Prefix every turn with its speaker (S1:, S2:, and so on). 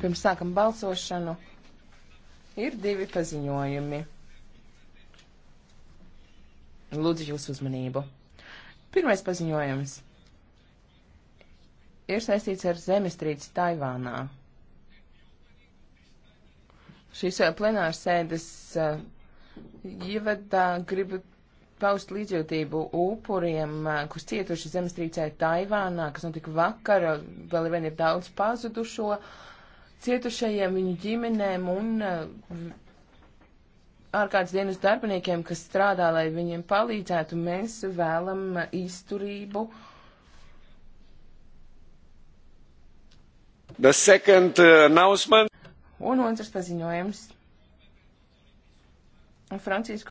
S1: Pirms sākam balsošanu ir divi paziņojumi. Lūdzu jūsu uzmanību. Pirmais paziņojums ir saistīts ar zemestrīci Taivānā. Šīs uh, plenāras sēdes uh, ievadā gribu paust līdzjūtību upuriem, uh, kas cietuši zemestrīcē Taivānā, kas notika vakar, vēl ir vien ir daudz pazudušo. Uh, cietušajiem, viņu ģimenēm un eh, ārkārtas dienas darbiniekiem, kas strādā, lai viņiem palīdzētu. Mēs vēlam izturību.
S2: The
S3: second uh, announcement.
S1: Un otrs paziņojums.
S4: Francijas